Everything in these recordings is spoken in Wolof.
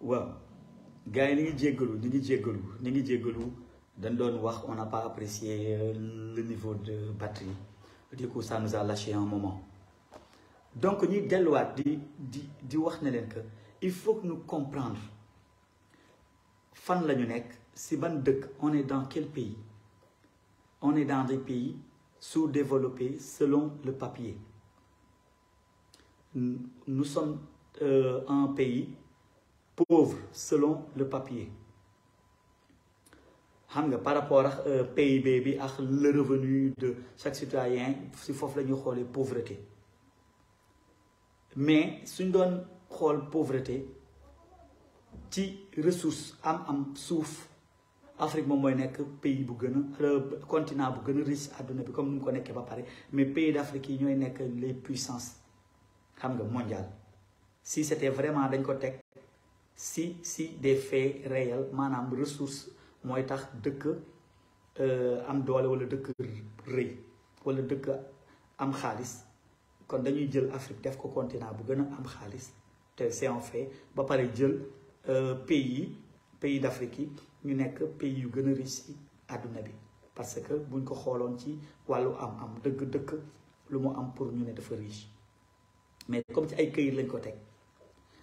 on n'a pas apprécié euh, le niveau de batterie du coup ça nous a lâché un moment donc il faut que nous comprenions... fan la si on est dans quel pays on est dans des pays sous-développés selon le papier nous sommes euh, un pays pauvre selon le papier par rapport au euh, PIB bi au le revenu de chaque citoyen il faut faire la la pauvreté mais si suñ doon la pauvreté les ressources am-am L'Afrique Afrique moom pays bu euh, continent bu risque, riche comme nous ne ko pas ba mais mais pays d'Afrique sont les puissances mondiales. si c'était vraiment dañ ko si si des faits réels maanaam ressource mooy tax dëkk euh, am doole wala dëkk rëy wala dëkk am xaalis kon dañuy jël Afrique def ko continent bu gën a am xaalis te c'est un fait ba pare jël euh, pays yi pays d'Afrique yi ñu nekk pays yu gën a riche ci àdduna bi parce que buñ ko xooloon ci wàllu am am dëgg dëkk lu mu am pour ñu ne dafa riche mais comme ci ay këyit lañ ko teg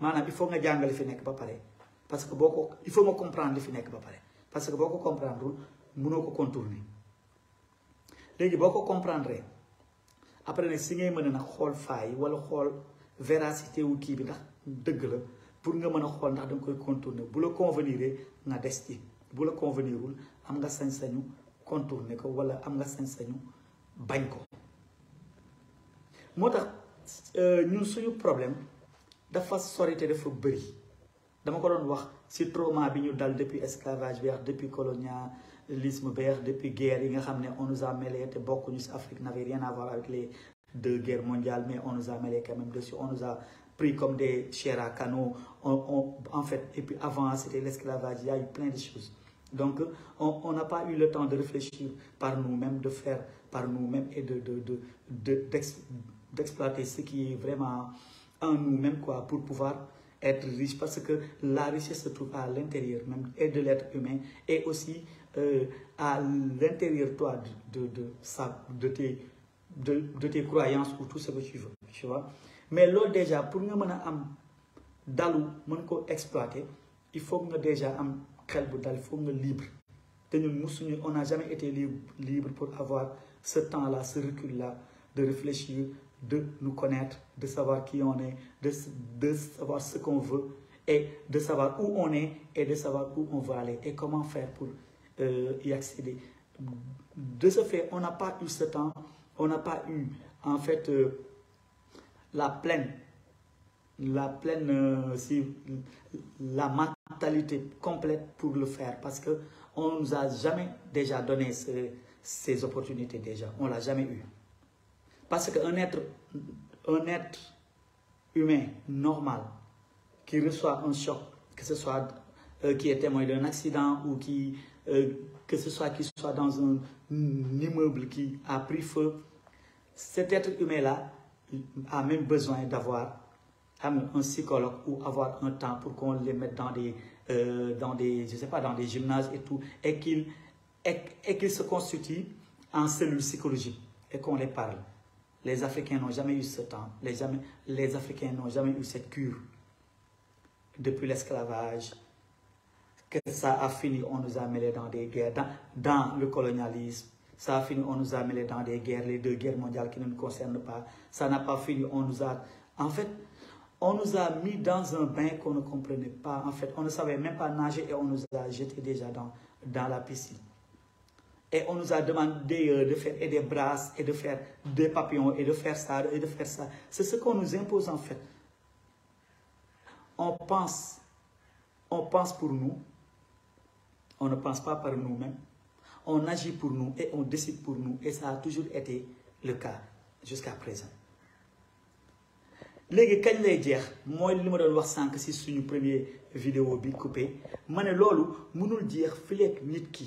maanaam il faut nga jàng fi nekk ba pare parce que boo ko il faut nga comprendre li fi nekk ba pare parce que boo ko comprendrewul mënoo ko contourner léegi boo ko comprendre après nag si ngay mën na nag xool faay wala xool véracité wu kii bi ndax dëgg la pour nga mën a xool ndax danga koy contourner bu la convenir nga des ci bu la convenirul am nga sañ-sañu contourner ko wala am nga sañ-sañu bañ ko moo tax euh, ñun suñu problème dafa sorité dafa bëri dama ko don wax ci trauma bi dal depuis esclavage depuis depuis colonialisme depuis depuis guerre yi nga on nous a mêlé bokku ñu ci Afrique n'avait rien à voir avec les deux guerres mondiales mais on nous a mêlé quand même dessus on nous a pris comme des chers à canaux, en fait et puis avant c'était l'esclavage il y a eu plein de choses donc on n'a pas eu le temps de réfléchir par nous-mêmes de faire par nous-mêmes et de d'exploiter ce qui est vraiment en nous-mêmes quoi, pour pouvoir être riche parce que la richesse se trouve à l'intérieur même et de l'être humain et aussi euh, à l'intérieur toi de, de, de, tes, de, tes croyances ou tout ce que tu veux, tu vois. Mais là déjà, pour nous maintenant am dalu ko exploiter il faut nga déjà am calme bout il faut nga libre te nous on n'a jamais été libre libre pour avoir ce temps là ce recul là de réfléchir de nous connaître, de savoir qui on est, de, savoir ce qu'on veut, et de savoir où on est, et de savoir où on va aller, et comment faire pour euh, y accéder. De ce fait, on n'a pas eu ce temps, on n'a pas eu, en fait, euh, la pleine, la pleine, euh, si, la mentalité complète pour le faire, parce que on nous a jamais déjà donné ces opportunités déjà, on l'a jamais eu. Parce qu'un être, un être humain normal qui reçoit un choc, que ce soit euh, qui est témoin d'un accident ou qui, euh, que ce soit qui soit dans un, immeuble qui a pris feu, cet être humain-là a même besoin d'avoir un psychologue ou avoir un temps pour qu'on les mette dans des, euh, dans des, je sais pas, dans des gymnases et tout, et qu'ils et, se constituent en cellules psychologiques et qu'on les parle. Les Africains n'ont jamais eu ce temps. Les, Africains n'ont jamais eu cette cure. Depuis l'esclavage, que ça a fini, on nous a mêlés dans des guerres, dans, le colonialisme. Ça a fini, on nous a mêlés dans des guerres, les deux guerres mondiales qui ne nous concernent pas. Ça n'a pas fini, on nous a... En fait, on nous a mis dans un bain qu'on ne comprenait pas. En fait, on ne savait même pas nager et on nous a jetés déjà dans, dans la piscine. Et on nous a demandé euh, de faire des brasses, et de faire des papillons, et de faire ça, et de faire ça. C'est ce qu'on nous impose en fait. On pense, on pense pour nous, on ne pense pas par nous-mêmes, on agit pour nous et on décide pour nous. Et ça a toujours été le cas jusqu'à présent. léegi quand je jeex mooy li ma doon wax sànq si suñu premier vidéo bi coupé ne mënul jeex fileeg nit ki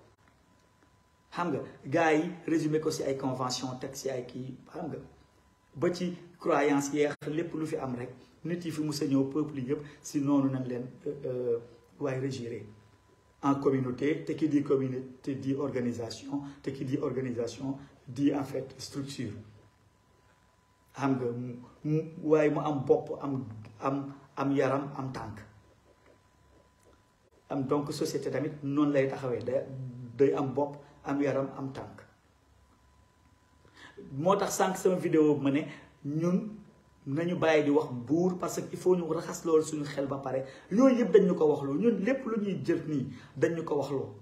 xam gaay résumé ko ci ay convention taxi ay ki xam ba ci croyance yeex lepp lu fi am rek nit yi fi mu sañoo peuple yëpp si nan len euh, euh way régiré en communauté te ki di communauté di organisation te ki di organisation di en fait structure xam nga mu waaye mu am bop am am am yaram am tank. am donc société tamit non lay taxawé day day am bop am yaram am tànk moo tax sànq sama vidéo bi ma ne ñun nañu bàyyi di wax buur parce que il faut ñu raxas loolu suñu xel ba pare yooyu yëpp dañ ñu ko waxloo ñun lépp lu ñuy jël nii dañ ñu ko waxloo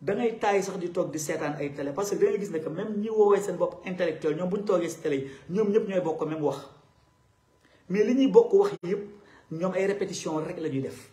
da ngay taay sax di toog di seetaan ay télé parce que da gis ne que même ñi woowee seen bopp intellectuel ñoom bu ñu toogee si ñoom ñëpp ñooy bokk même wax mais li ñuy bokk wax yëpp ñoom ay répétition rek la ñuy def.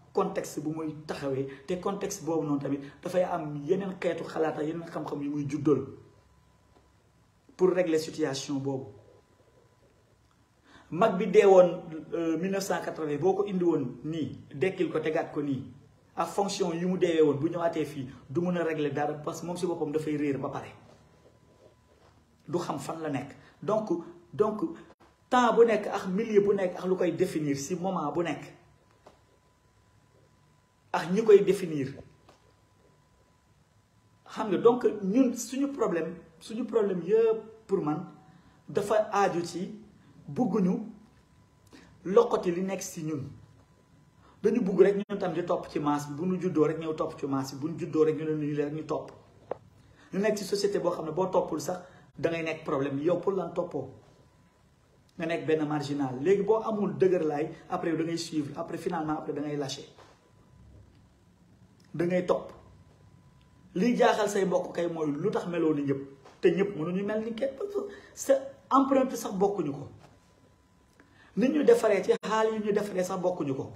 contexte bu moy taxawé contexte bobu non tamit fay am yenen xétu yenen xam-xam pour régler situation bobu mag bi 1980 euh, boko indi won ni dékil ko fonction bu du régler dara parce que ba fan la donc donc temps bu ak milieu bu ak définir si moment bu nous nous définir donc ñun suñu problème suñu problème pour man dafa aaju ci bugguñu top nous nekk si ñun dañu nous rek nous. tam di nous ci nous rek nous top ci nous, nous rek ñu nous nous nous. ñu nekk ci société boo pour ne boo sax da ngay nekk problème pour lan marginal Nous après da ngay suivre après finalement après da ngay lâcher da ngay topp li jaaxal say mbokk kay moy lutax melo ni ñep te ñep mënu ñu melni kenn sa empreinte sax bokku ñuko ni ñu défaré ci xaal yu ñu défaré sax bokku ñuko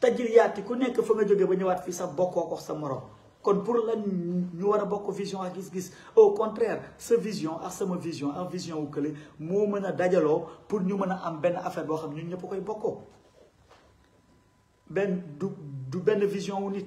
tajil yaati ku nekk fa nga joggé ba ñëwaat fi sax bokko ko morom kon pour la ñu wara bokku vision ak gis-gis au contraire ce vision ak sama vision ak vision wu kële mo mën dajalo pour ñu mën am ben affaire bo xam ñun ñëpp koy bokko ben du du benn vision wu nit.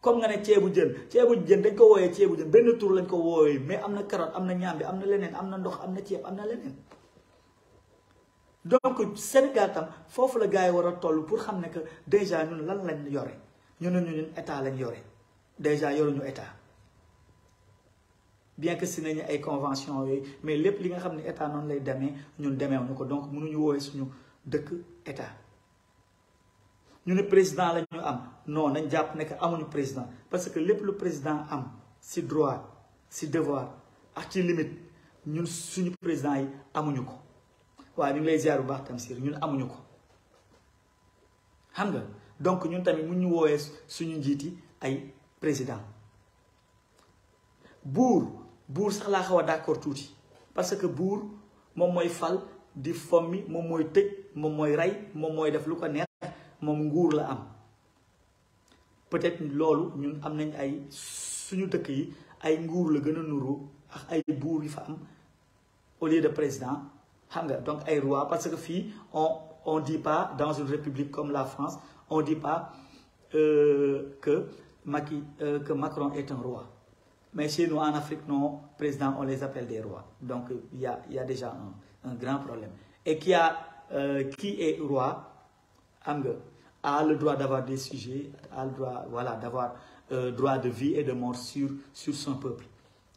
comme nga ne ceebu jën ceebu jën dañ ko wooyee ceebu jën benn tur lañ ko wooyee mais am na carotte am na ñaambi am na leneen am na ndox am na ceeb am na leneen donc Sénégal tam foofu la gars yi war a toll pour xam ne que déjà ñun lan lañ yore ñu ne ñun état lañ yore déjà ñu état bien que si nañu ay convention yooyu mais lépp li nga xam ne état noonu lay demee ñun demeewuñu ko donc mënuñu wooyee suñu dëkk état. ñu ne président la am non nañ jàpp ne que amuñu président parce que lépp lu président am si droit ci devoir ak ci limite ñun suñu président yi amuñu ko waaye ñu ngi lay ziar bu baax Tamsir ñun amuñu ko xam nga donc ñun tamit mu ñu woowee suñu njiiti ay président buur buur sax laa xaw a d'accord tuuti parce que buur moom mooy fal di fommi moom mooy tëj moom mooy rey moom mooy def lu ko neex peut-être que ñun am nañ ay au lieu de président donc ay roi parce que on on dit pas dans une république comme la France on dit pas euh, que euh, que Macron est un roi mais chez nous en Afrique non président on les appelle des rois donc il y a déjà un grand problème et qui a euh, qui est roi il a le droit d'avoir des sujets a le droit voilà d'avoir euh, droit de vie et de mort sur son peuple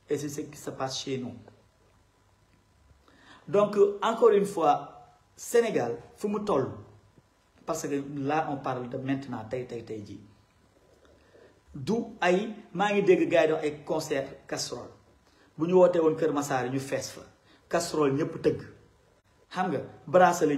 et c'est ce qui se passe chez nous donc euh, encore une fois Sénégal Fumutol, parce que là on parle de maintenant tay tay tay jii du ay mangi ngi dégg ay concert casserole bu ñu on woon Kër nous ñu casserole ñëpp tëgg xam bracelet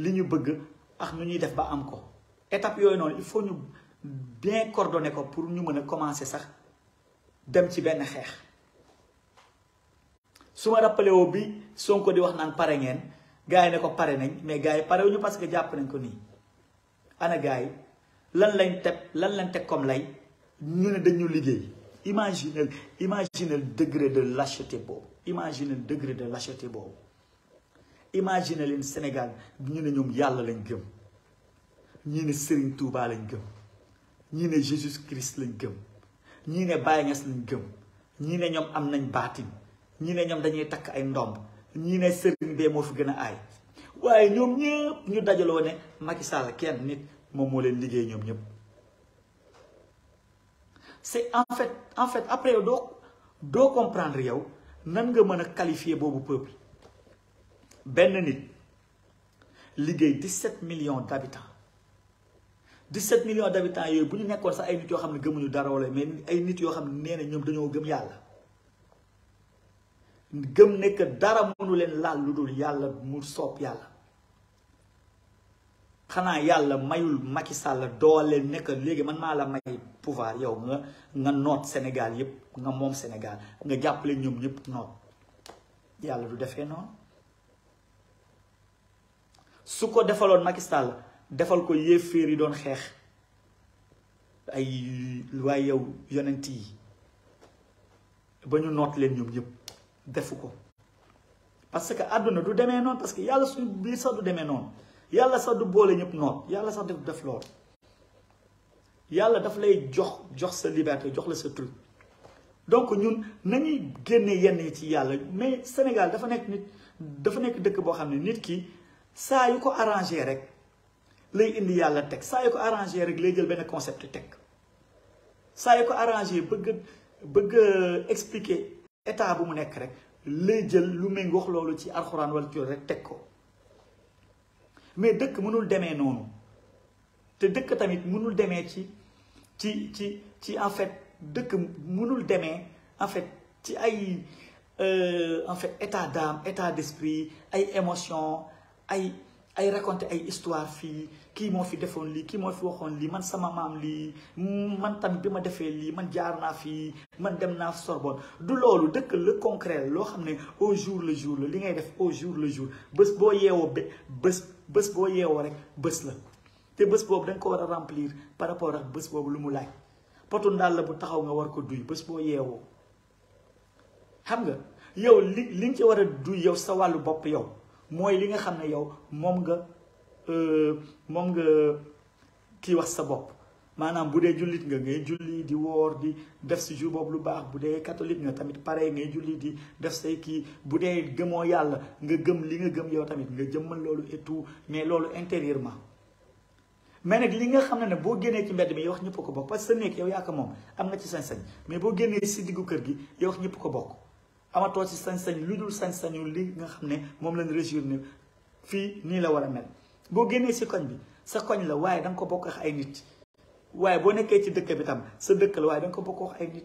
li ñu bëgg ak ñu ñuy def ba am ko étape yooyu noonu il faut ñu bien coordonné ko pour ñu mën a commencer sax dem ci benn xeex su ma rappelé woo bi Sonko di wax naan pare ngeen gars ne ko pare nañ mais gars yi pare wu ñu parce que jàpp nañ ko nii ana gars yi lan lañ teg lan lañ teg comme lay ñu ne dañ dañu liggéey imaginez imaginez le degré de lâcheté boobu imaginez degré de lacheté boobu imagine leen Sénégal ñu ne ñoom yàlla lañ gëm ñii ne Serigne Touba lañ gëm ñii ne Jésus Christ lañ gëm ñii ne Baye Niass lañ gëm ñii ne ñoom am nañ baatin ñii ne ñoom dañuy takk ay ndomb ñii ne Serigne bee moo fi gën a ay waaye ñoom ñëpp ñu dajaloo ne Macky Sall kenn nit moom moo leen liggéey ñoom ñëpp. c'est en fait en fait après doo doo comprendre yow nan nga mën a qualifier boobu peuple. benn nit liggéey 17 millions d' habitants 17 millions d' habitants yooyu bu ñu nekkoon sax ay nit yoo xam ne gëmuñu dara wala mais ay nit yoo xam ne nee na ñoom dañoo gëm yàlla gëm nekk dara mënu leen laal lu dul yàlla mu soob yàlla xanaa yàlla mayul Macky Sall doole nekk léegi man maa la may pouvoir yow nga nga noot Sénégal yëpp nga moom Sénégal nga jàppale ñoom ñëpp noot yàlla du defee noonu. su ko defaloon Macky Sall defal ko fiir yi doon xeex ay waaye yow yonent yi ba ñu noot leen ñoom ñëpp defu ko parce que àdduna du demee noon parce que yàlla suñu biir sax du demee noon yàlla sax du boole ñëpp noot yàlla sax du def lool yàlla daf lay jox jox sa liberté jox la sa truc donc ñun nañuy génne yenn ci yàlla mais Sénégal dafa nekk nit dafa nekk dëkk boo xam ne nit ki saa yu ko arrangé rek lay indi yàlla teg saa yu ko arrangé rek lay jël benn concept teg ko arrangé bëgg bëgg expliquer état bu mu nekk rek lay jël lu may wax loolu ci alxuraan wala tur rek teg ko mais dëkk mënul demee noonu te dëkk tamit mënul demee ci ci ci ci en fait dëkk mënul demee en fait ci ay euh, en fait état d'âme état d'esprit ay émotion ay ay raconté ay histoire fii kii moo fi defoon lii kii moo fi waxoon lii man sama maam lii man tamit bi ma defee lii man jaar naa fii man dem naa Sorbonne du loolu dëkk le concret loo xam ne au jour le jour la li ngay def au jour le jour bés boo yeewoo ba bés bés boo rek bés la te bés boobu da ko war a remplir par rapport ak bés boobu lu mu laaj potu ndaal la bu taxaw nga war ko duy bés boo yeewoo xam nga yow li li nga ci war a duy yow sa wàllu bopp yow. mooy li nga xam ne yow moom nga euh, moom nga kii wax sa bopp maanaam bu dee jullit nga ngay julli di woor di def si jour boobu lu baax bu dee catholique nga tamit pare ngay julli di def say kii bu dee gëmoo yàlla nga gëm li nga gëm yow tamit nga jëmmal loolu et tout mais loolu intérieurement mais nag li nga xam ne ne boo génnee ci mbedd mi yow wax ñëpp ko bokk parce que sa néeg yow yaa ko moom am nga ci sañ-sañ mais boo génnee si diggu kër gi yow wax ñëpp ko bokk amatoo ci sañ-sañ lu dul sañ-sañu li nga xam ne moom lañ régir ne fii nii la war a mel boo génnee ci koñ bi sa koñ la waaye da nga ko bokk ay nit waaye boo nekkee ci dëkk bi tam sa dëkk da nga ko bokk ak nit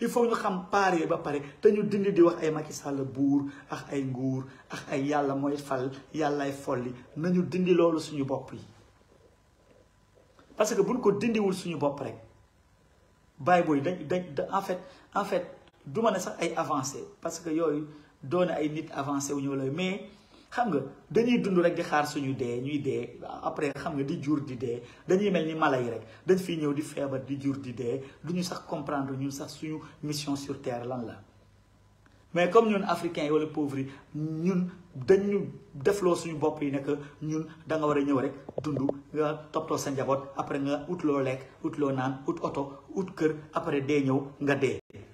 il faut ñu xam paaree ba pare te ñu dindi di wax ay Macky Sall buur ak ay nguur ak ay yàlla mooy fal yàllaay folli nañu dindi loolu suñu bopp yi parce que buñ ko dindiwul suñu bopp rek bàyyi booy dañ dañ en fait en fait duma ne sax ay avancé parce que yoy doone ay nit avancé wu lay mais xam nga dañuy dund rek di xaar suñu dé ñuy dé après xam nga di jour di dé dañuy melni ni mala yi rek dañ fi ñëw di feebar di jour di dé du ñu sax comprendre ñun sax suñu mission sur terre lan la mais comme ñun africains wala pauvres ñun dañu deflo suñu bop yi nek ñun da nga wara a ñëw rek dund nga toppatoo sa njaboot après nga out lo lek out lo nan out auto out kër après dé ñëw nga dé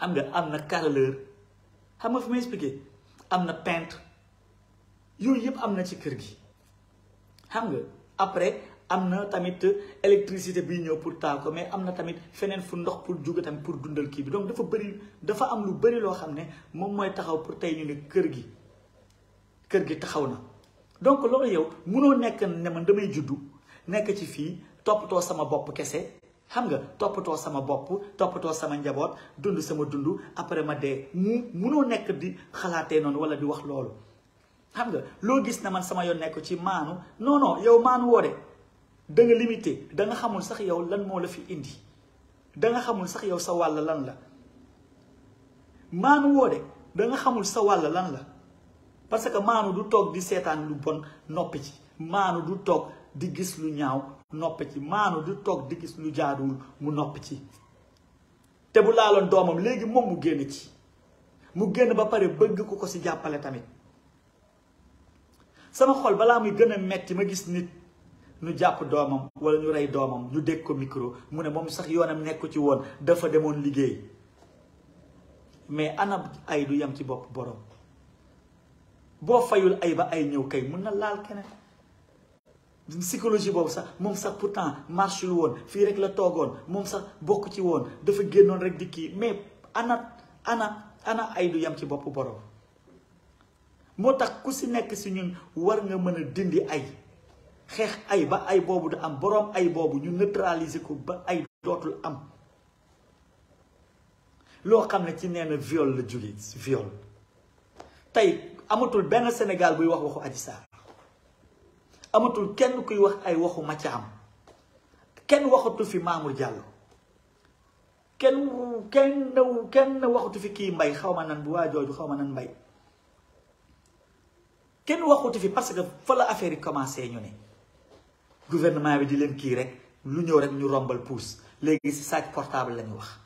xam nga am na carreleur xam nga fi may expliquer am na peintre yooyu yëpp am na ci kër gi xam nga après am na tamit électricité bi ñëw pour taal ko mais am na tamit feneen fu ndox pour jóge pour dundal kii bi donc dafa bëri dafa am lu bëri loo xam ne moom mooy taxaw pour tey ñu ne kër gi kër gi taxaw na donc loolu yow munoo nekk ne man damay juddu nekk ci fii toppatoo sama bopp kese xam nga toppatoo sama bop toppatoo sama njabot dund sama dundu après ma dé mu munoo di xalaté non wala di wax lolu xam nga lo gis na man sama yon nek ci manu non non yow manu wo dé da nga limité da nga xamul sax yow lan mo la fi indi da nga xamul sax yow sa manu lan la manu wo dé da nga xamul sa wàll lan la parce que manu du tok di sétane lu bon nopi ci manu du tok di gis lu ñaaw nopp ci maanu du toog di gis lu jaaduwul mu nopp ci te bu laaloon doomam léegi moom mu génn ci mu génn ba pare bëgg ku ko ci jàppale tamit sama xol balaa muy gën a metti ma gis nit ñu jàpp doomam walla ñu rey doomam ñu dégg ko micro mu ne moom sax yoonam nekku ci woon dafa demoon liggéey mais ana ay du yam ci bopp boroom boo fayul ay ba ay ñëw kay mun na laal keneen psychologie boobu sax moom sax pourtant marchul woon fii rek la toogoon moom sax bokk ci woon dafa génnoon rek di kii mais ana ana ana ay du yam ci boppu borom moo tax ku si nekk si ñun war nga mën a dindi ay xeex ay ba ay boobu du am boroom ay boobu ñu neutraliser ko ba ay dootul am loo xam ne ci nee na viol la jóge viol tey amatul benn Sénégal buy wax waxu Adji Sarr amatul kenn kuy wax ay waxu Mathiam kenn waxatu fi Mamour Diallo kenn kenn kenn waxatu fi kii mbay xaw ma nan bu waa jooju xaw ma nan mbay kenn waxatu fi parce que fala la affaire yi commencé ñu ne gouvernement bi di leen kii rek lu ñëw rek ñu rombal puus léegi si sac portable lañu wax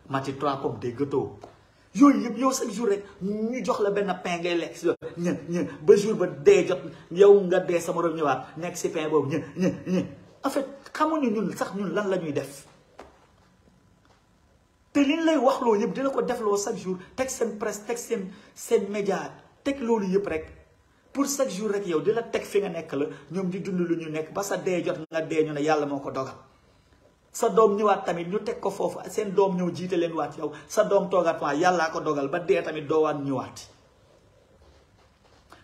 mati trois pommes des gâteaux yooyu yëpp yow chaque jour rek ñu jox la benn pain ngay lekk si ña ña ba jour ba dee jot yow nga dee sama morom ñëwaat nekk si pain boobu ña ña ña en fait xamuñu ñun sax ñun lan la ñuy def te liñ lay wax loo yëpp dina ko def loo chaque jour teg seen presse teg seen seen média teg loolu yëpp rek pour chaque jour rek yow di la teg fi nga nekk la ñoom di dund lu ñu nekk ba sa dee jot nga dee ñu ne yàlla moo ko dogal sa doom ñëwaat tamit ñu teg ko foofu seen doom ñëw jiite leen waat yow sa doom toogaat waa yàllaa ko dogal ba dee tamit ñu ñëwaat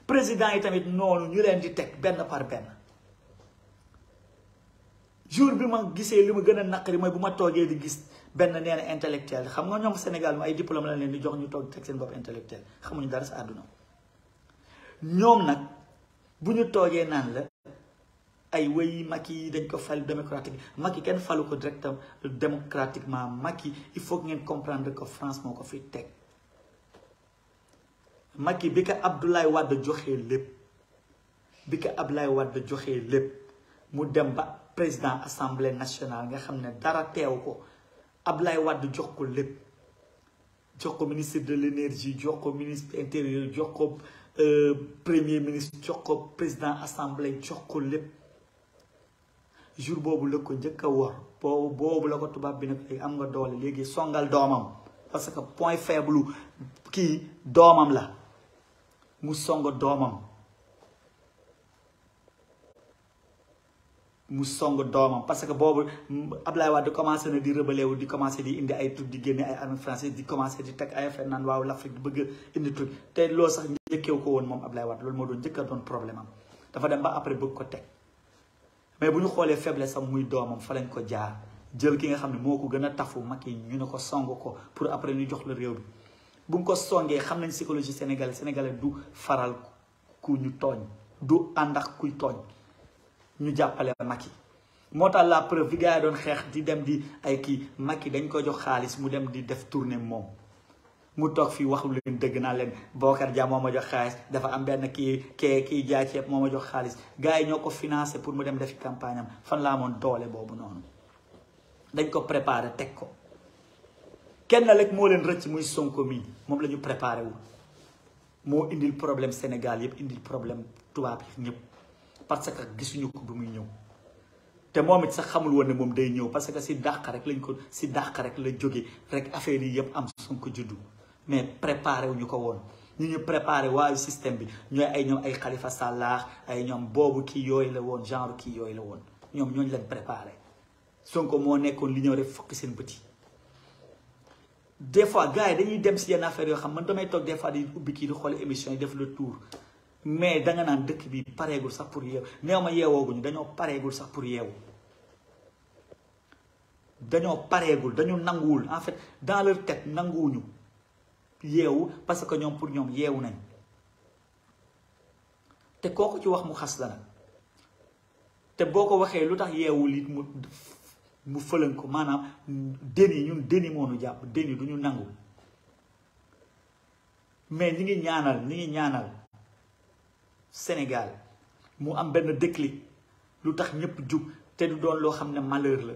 président yi tamit noonu ñu leen di teg benn par benn jour bi ma gisee li ma gën a naqari mooy bu ma toogee di gis benn nee na intellectuel xam nga ñoom Sénégal mu ay diplôme la leen di jox ñu toog teg seen bopp intellectuel xamuñu dara sa àdduna ñoom nag bu ñu toogee naan la ay way Macky dañ ko fal démocratique Macky ken faluko ko démocratiquement Macky il faut ngeen comprendre que France moko fi teg Macky bika Abdoulaye Wade joxee lépp bika Abdoulaye Wade joxee lépp mu dem ba président assemblée nationale nga xam dara teew ko Abdoulaye Wade jox ko lépp jox ko ministre de l'énergie jox ko ministre intérieur jox ko euh, premier ministre jox ko président assemblée jox ko lépp jour boobu la ko njëkk a war boobu boobu la ko tubaab bi nag am nga doole léegi songal doomam parce que point faible kii doomam la mu song doomam mu song doomam parce que boobu Ablaye Wade commencé na di rebelle wu di commencé di indi ay truc di génne ay armée française di commencé di teg ay affaire naan waaw l'Afrique di bëgg indi truc te loo sax njëkkeew ko woon moom Ablaye Wade loolu moo doon njëkk a doon problème am dafa dem ba après bëgg ko teg mais bu ñu xoolee faiblesse am muy doomam fa lañ ko jaar jël ki nga xam ne moo ko gën a tafu mag yi ñu ne ko song ko pour après ñu jox la réew bi bu ñu ko songee xam nañ psychologie sénégalais sénégalais du faral ku ñu tooñ du ànd ak kuy tooñ ñu jàppale yi moo tax la preuve bi yi doon xeex di dem di ay kii yi dañ ko jox xaalis mu dem di def tournée moom mu toog fii wax lu dëgg naa leen Bokar Dia moo ma jox xaalis dafa am benn kii kee kii jaay ceeb moo ma jox xaalis gars yi ñoo ko financé pour mu dem defi campagne am fan laa amoon doole boobu noonu dañ ko préparé teg ko kenn rek moo leen rëcc muy Sonko mi moom la ñu préparé wu moo indil problème Sénégal yëpp indil problème tubaab yi ñëpp parce que gisuñu ko bi muy ñëw te moom it sax xamul woon ne moom day ñëw parce que si dàq rek lañ ko si dàq rek la jóge rek affaire yi yëpp am Sonko juddu mais préparé wu ñu ko woon ñu ñu préparé waayu système bi ñoy ay ñom ay Khalifa Sallaax ay ñom bobu ki yoy la won genre ki yoy la won ñom ñooñu leen préparé Sonko mo nekkoon li ñëw rek fuk seen petit des fois gars yi dañuy dem ci yenn affaire yo xam man damay tok des fois di ubbi ki di xol émission def le tour mais nga nan dëkk bi pareegul sax pour yew néew ma yeewooguñu dañoo pareegul sax pour yeewu dañoo pareegul dañu nangul en fait dans leur tête nanguwuñu yeewu parce que ñoom pour ñoom yeewu nañ te kooku ci wax mu xas la nag te boo ko waxee lu tax yeewul it mu mu fëlan ko maanaam deni ñun deni moo jàpp deni du ñu nangu mais ñi ngi ñaanal ñi ngi ñaanal Sénégal mu am benn déclic lu tax ñëpp jub te du doon loo xam ne malheur la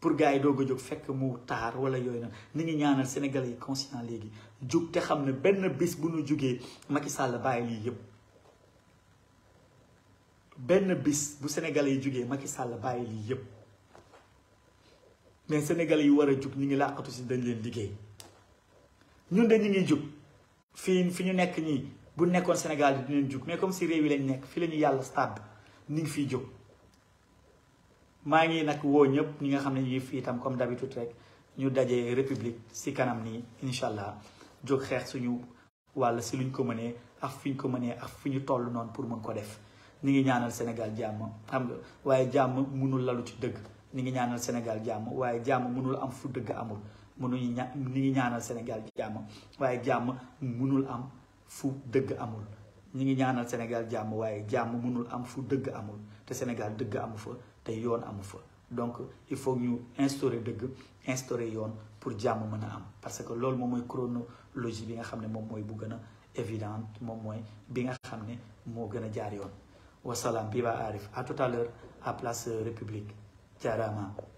pour gars yi doog a jóg fekk mu taar wala yooyu nag ni ngi ñaanal Sénégalais yi conscient léegi jóg te xam ne benn bis bu nu jógee Macky Sall bàyyi yëpp benn bis bu Sénégalais yi jógee Macky Sall bàyyi lii yëpp mais Sénégalais yi war a jóg ñu ngi làqatu si dañ leen liggéey ñun de ñu ngi jóg fii fi ñu nekk nii bu nekkoon Sénégal di leen jug mais comme si réew yi lañ nekk fi la ñu yàlla stade ñu ngi fiy jóg. maa ngi nag woo ñëpp ñi nga xam ne ñu ngi fi itam comme d'habitude rek ñu dajee république si kanam nii incha allah jóg xeex suñu wàll si luñ ko mënee ak fi ñu ko mënee ak fi ñu toll noonu pour mën ko def ñi ngi ñaanal Sénégal jàmm xam nga waaye jàmm mënul lalu ci dëgg ñi ngi ñaanal Sénégal jàmm waaye jàmm mënul am fu dëgg amul mënuñu ña ñi ngi ñaanal Sénégal jàmm waaye jàmm mënul am fu dëgg amul ñu ngi ñaanal Sénégal jàmm waaye jàmm mënul am fu dëgg amul te Sénégal dëgg amu fa te yoon amu fa donc il faut ñu instaurer dëgg instaurer yoon pour jàmm mën a am parce que loolu moom mooy chronologie bi nga xam ne moom mooy bu gën a évidente moom mooy bi nga xam ne moo gën a jaar yoon wasalaam bi ba Arif à tout à l'heure à place République jaaraama